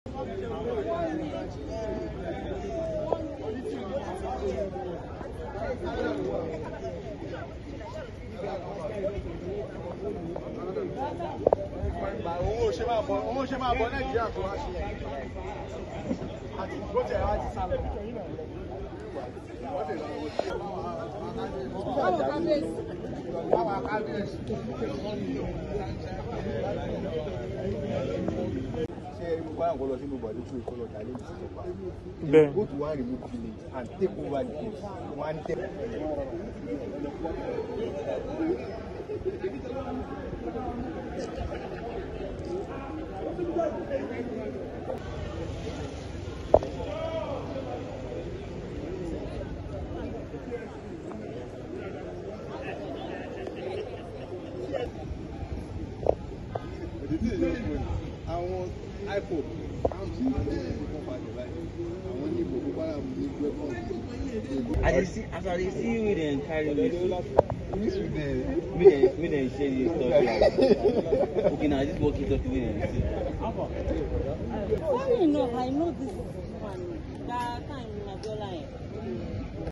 owó ṣe máa bọ owó ṣe máa bọ nàìjíríà tó wá ṣe àti bó tẹ̀ wá ti sá lọ. Báwo ká náà kọ́ lọ sínú bọ̀dé tó ìkọlọ̀ dalẹ̀ ní ìjọba bẹ́ẹ̀ go to one remote village and take over the place one ten. Thank you àwọn ipo àwọn ní boko haram ní weapon. i dey see as i dey see wey dem carry me make dem make dem share this story okay na this working talking wey dem see. funny enough i know this man that time in abiola yẹn. Eh?